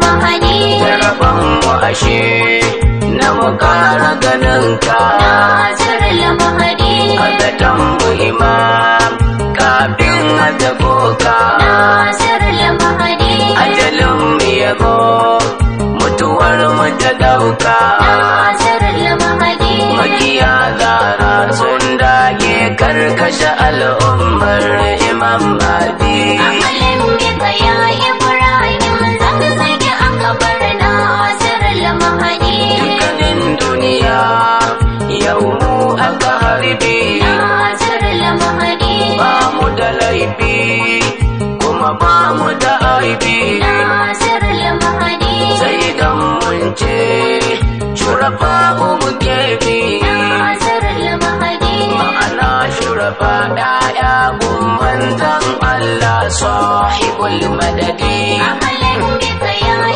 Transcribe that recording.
mahani mu ashe na mu ganin ka nasirar mahani kaga tan mu imam kafin a tafi ka nasirar mahani ajalin mu mutuwar mu ta dauka nasirar mahani makiya zara sun dage karkashe al'ummar imam abi yau mu aka harbi ba mu da laifi kuma ba mu da aibi sai dan mun ce shurafa mu gefe ma'ana shurafa ɗaya gumman Allah sahibul madadi. Amalan bisa yawon